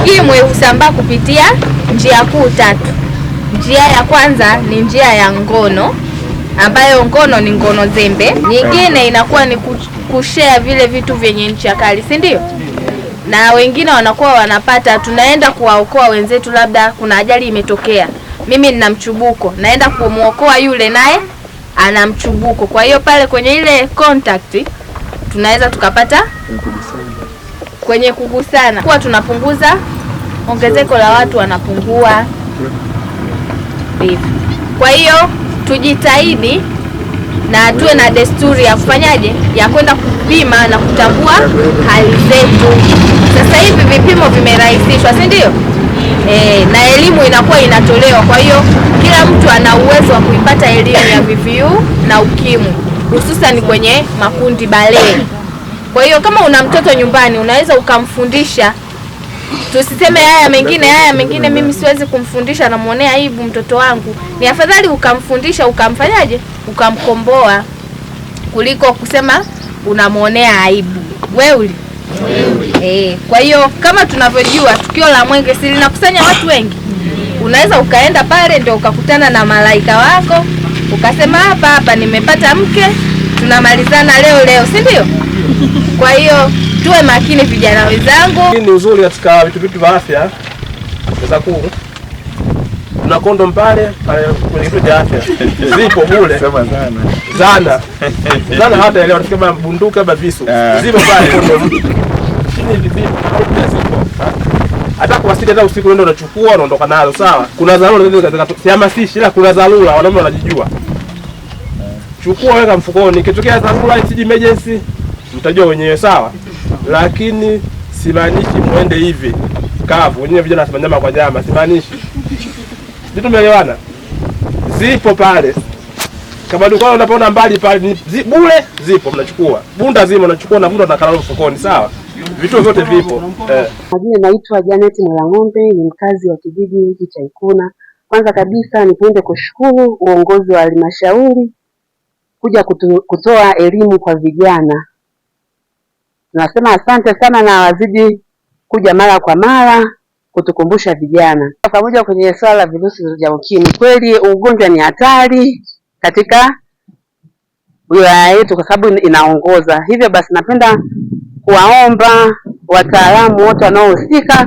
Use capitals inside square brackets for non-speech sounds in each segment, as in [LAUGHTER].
Ukimwi husambaa kupitia njia kuu tatu. Njia ya kwanza ni njia ya ngono, ambayo ngono ni ngono zembe. Nyingine inakuwa ni kushea vile vitu vyenye ncha kali, si ndio? Na wengine wanakuwa wanapata, tunaenda kuwaokoa wenzetu, labda kuna ajali imetokea, mimi nina mchubuko, naenda kumwokoa yule, naye ana mchubuko. Kwa hiyo pale kwenye ile contact tunaweza tukapata kwenye kugusana, kuwa tunapunguza ongezeko la watu wanapungua hivi. Kwa hiyo tujitahidi na tuwe na desturi ya kufanyaje, ya kwenda kupima na kutambua hali zetu. Sasa hivi vipimo vimerahisishwa, si ndio? E, na elimu inakuwa inatolewa. Kwa hiyo kila mtu ana uwezo wa kuipata elimu ya VVU na UKIMWI, hususani kwenye makundi balee. Kwa hiyo kama una mtoto nyumbani unaweza ukamfundisha, tusiseme haya mengine, haya mengine mimi siwezi kumfundisha, namwonea aibu mtoto wangu. Ni afadhali ukamfundisha, ukamfanyaje, ukamkomboa kuliko kusema unamwonea aibu. Weuli e, eh, kwa hiyo kama tunavyojua tukio la Mwenge si linakusanya watu wengi, unaweza ukaenda pale ndio ukakutana na malaika wako ukasema, hapa hapa nimepata mke, tunamalizana leo leo, si ndio? Kwa hiyo tuwe makini vijana wenzangu. Hii ni uzuri katika vitu vitu vya afya za kuu. Kuna kondom pale pale kwenye kitu cha afya. [LAUGHS] Zipo bure. Sema sana. Zana. Zana hata ile elewa tukiwa bunduka ba visu. Ah. Zipo pale kondom. Chini vipi? zipo Hata kwa sisi, hata usiku ndio unachukua unaondoka nazo. sawa. Kuna dharura ndio katika sihamasishi ila kuna dharura wanaume wanajijua. Ah. Chukua weka mfukoni. Ikitokea dharura, it's emergency mtajua wenyewe sawa, lakini simaanishi muende hivi kavu wenyewe vijana wasema nyama kwa nyama, simaanishi tumeelewana. Zipo pale kama duka unapoona mbali pale zi, bure zipo, mnachukua bunda zima, unachukua na bunda nakalalo mfukoni, sawa. Vituo vyote vipo eh. Majina naitwa Janet Mwelang'ombe ni mkazi wa kijiji hiki cha Ikuna. Kwanza kabisa nipende kushukuru uongozi wa halmashauri kuja kutoa elimu kwa vijana Tunasema asante sana na wazidi kuja mara kwa mara kutukumbusha vijana pamoja kwenye swala la virusi vya UKIMWI. Kweli ugonjwa ni hatari katika wilaya yetu kwa sababu inaongoza. Hivyo basi, napenda kuwaomba wataalamu wote wanaohusika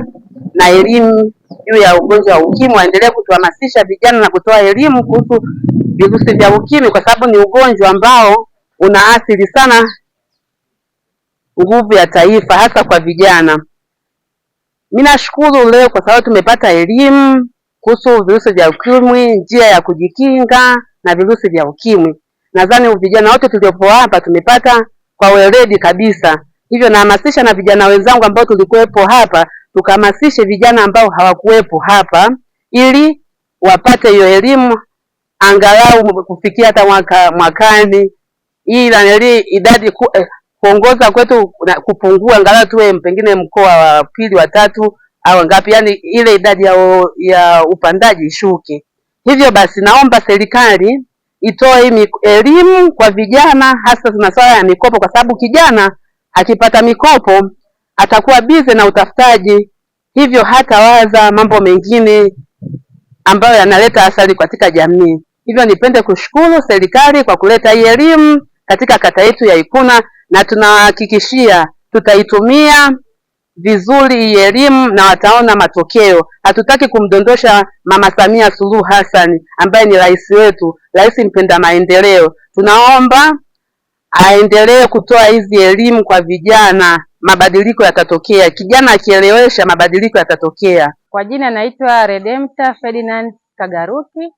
na elimu juu ya ugonjwa wa UKIMWI waendelee kutuhamasisha vijana na kutoa elimu kuhusu virusi vya UKIMWI kwa sababu ni ugonjwa ambao unaathiri sana nguvu ya taifa, hasa kwa vijana. Mimi nashukuru leo kwa sababu tumepata elimu kuhusu virusi vya ukimwi, njia ya kujikinga na virusi vya ukimwi. Nadhani vijana wote tuliopo hapa tumepata kwa weledi kabisa, hivyo nahamasisha na vijana wenzangu ambao tulikuwepo hapa, tukahamasishe vijana ambao hawakuwepo hapa ili wapate hiyo elimu angalau kufikia hata mwaka mwakani, ili idadi ku, eh, kuongoza kwetu kupungua, angalau tuwe pengine mkoa wa pili wa tatu au ngapi, yani ile idadi ya, ya upandaji ishuke. Hivyo basi, naomba serikali itoe elimu kwa vijana, hasa masuala ya mikopo, kwa sababu kijana akipata mikopo atakuwa bize na utafutaji, hivyo hatawaza mambo mengine ambayo yanaleta athari katika jamii. Hivyo nipende kushukuru serikali kwa kuleta hii elimu katika kata yetu ya Ikuna na tunawahakikishia tutaitumia vizuri hii elimu na wataona matokeo. Hatutaki kumdondosha Mama Samia Suluhu Hassan ambaye ni rais wetu, rais mpenda maendeleo. Tunaomba aendelee kutoa hizi elimu kwa vijana, mabadiliko yatatokea. Kijana akielewesha, mabadiliko yatatokea. Kwa jina naitwa Redempta Ferdinand Kagaruki,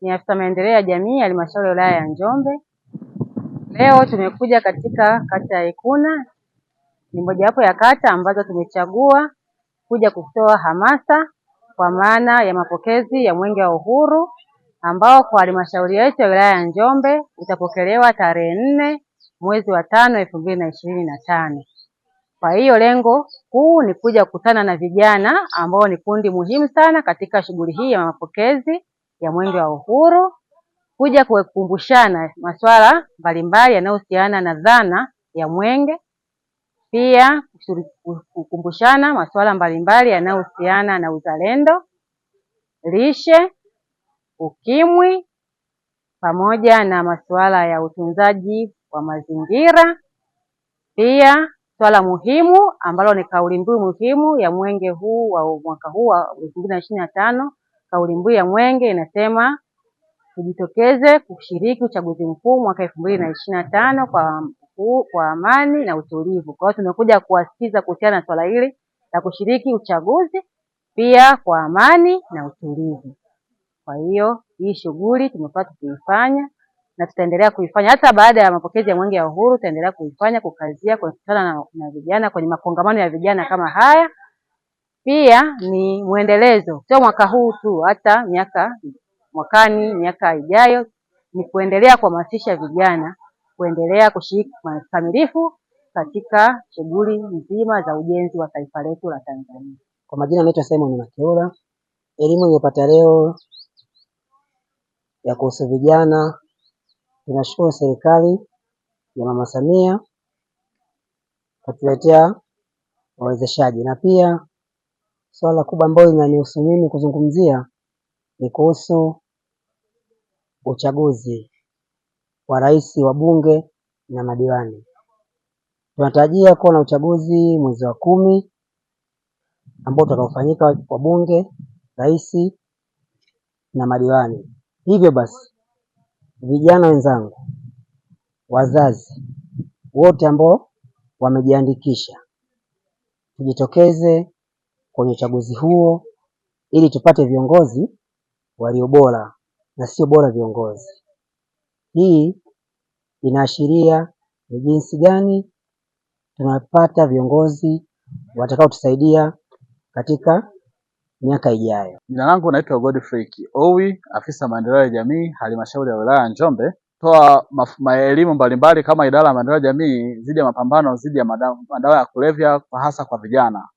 ni afisa maendeleo ya jamii halmashauri ya wilaya ya Njombe. Leo tumekuja katika kata ya Ikuna, ni mojawapo ya kata ambazo tumechagua kuja kutoa hamasa kwa maana ya mapokezi ya Mwenge wa Uhuru ambao kwa halmashauri yetu ya wilaya ya Njombe utapokelewa tarehe nne mwezi wa tano elfu mbili na ishirini na tano. Kwa hiyo lengo kuu ni kuja kukutana na vijana ambao ni kundi muhimu sana katika shughuli hii ya mapokezi ya Mwenge wa Uhuru kuja kukumbushana masuala mbalimbali yanayohusiana na dhana ya mwenge, pia kukumbushana masuala mbalimbali yanayohusiana na uzalendo, lishe, ukimwi pamoja na masuala ya utunzaji wa mazingira, pia swala muhimu ambalo ni kauli mbiu muhimu ya mwenge huu wa mwaka huu wa elfu mbili na ishirini na tano. Kauli mbiu ya mwenge inasema tujitokeze kushiriki uchaguzi mkuu mwaka elfu mbili na ishirini na tano kwa kwa amani na utulivu. Kwa hiyo tumekuja kuwasikiza kuhusiana na swala hili la kushiriki uchaguzi pia kwa amani na utulivu. Kwa hiyo hii shughuli tumekuwa tukiifanya na tutaendelea kuifanya hata baada ya mapokezi ya Mwenge ya Uhuru, tutaendelea kuifanya kukazia kukutana na vijana kwenye makongamano ya vijana kama haya. Pia ni mwendelezo, sio mwaka huu tu, hata miaka mwakani, miaka ijayo, ni kuendelea kuhamasisha vijana kuendelea kushiriki kikamilifu katika shughuli nzima za ujenzi wa taifa letu la Tanzania. Kwa majina naitwa Simon Makeula. Elimu iliyopata leo ya kuhusu vijana, tunashukuru serikali ya Mama Samia kutuletea wawezeshaji, na pia swala kubwa ambalo linanihusu mimi kuzungumzia ni kuhusu uchaguzi wa rais, bunge na madiwani. Tunatarajia kuwa na uchaguzi mwezi wa kumi ambao utakaofanyika wabunge, rais na madiwani. Hivyo basi, vijana wenzangu, wazazi wote ambao wamejiandikisha, tujitokeze kwenye uchaguzi huo ili tupate viongozi walio bora na sio bora viongozi. Hii inaashiria ni jinsi gani tunapata viongozi watakaotusaidia katika miaka ijayo. Jina langu naitwa Godfrey Kiowi, afisa maendeleo ya jamii halmashauri ya wilaya ya Njombe. Toa maelimu mbalimbali kama idara ya maendeleo ya jamii dhidi ya mapambano dhidi ya madawa ya kulevya hasa kwa vijana.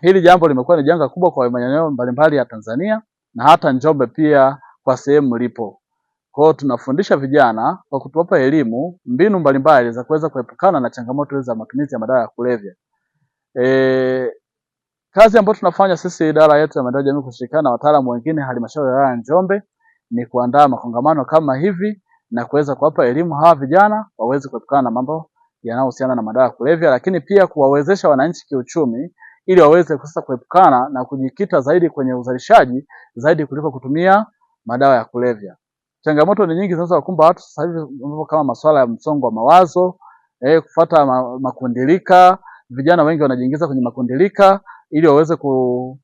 Hili jambo limekuwa ni janga kubwa kwa maeneo mbalimbali ya Tanzania na hata Njombe pia kwa sehemu mlipo. Kwa hiyo tunafundisha vijana kwa kutuwapa elimu mbinu mbalimbali za kuweza kuepukana na changamoto za matumizi ya madawa ya kulevya. E, kazi ambayo tunafanya sisi idara yetu ya maendeleo ya jamii kushirikiana na wataalamu wengine halmashauri ya wilaya ya Njombe ni kuandaa makongamano kama hivi na kuweza kuwapa elimu hawa vijana waweze kuepukana na mambo yanayohusiana na madawa ya kulevya, lakini pia kuwawezesha wananchi kiuchumi ili waweze sasa kuepukana na kujikita zaidi kwenye uzalishaji zaidi kuliko kutumia madawa ya kulevya. Changamoto ni nyingi zinazowakumba watu sasa hivi kama masuala ya msongo wa mawazo, eh, kufuata ma, makundilika. Vijana wengi wanajiingiza kwenye makundilika ili waweze ku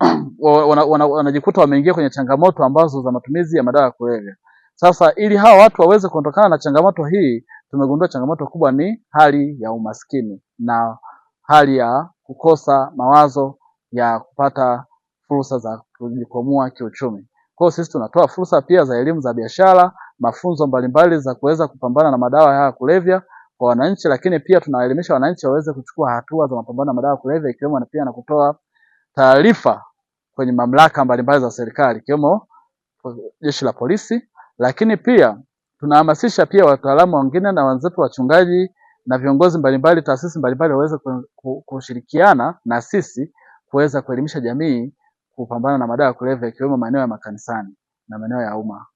[CLEARS THROAT] wanajikuta wameingia kwenye changamoto ambazo za matumizi ya madawa ya kulevya. Sasa ili hawa watu waweze kuondokana na changamoto hii, tumegundua changamoto kubwa ni hali ya umaskini na hali ya kukosa mawazo ya kupata fursa za kujikwamua kiuchumi. Kwa hiyo sisi tunatoa fursa pia za elimu za biashara, mafunzo mbalimbali za kuweza kupambana na madawa ya kulevya kwa wananchi, lakini pia tunawaelimisha wananchi waweze kuchukua hatua za mapambano na madawa ya kulevya, ikiwemo na pia na kutoa taarifa kwenye mamlaka mbalimbali za serikali ikiwemo jeshi la polisi, lakini pia tunahamasisha pia wataalamu wengine na wenzetu wachungaji na viongozi mbalimbali, taasisi mbalimbali waweze kushirikiana na sisi kuweza kuelimisha jamii kupambana na madawa ya kulevya ikiwemo maeneo ya makanisani na maeneo ya umma.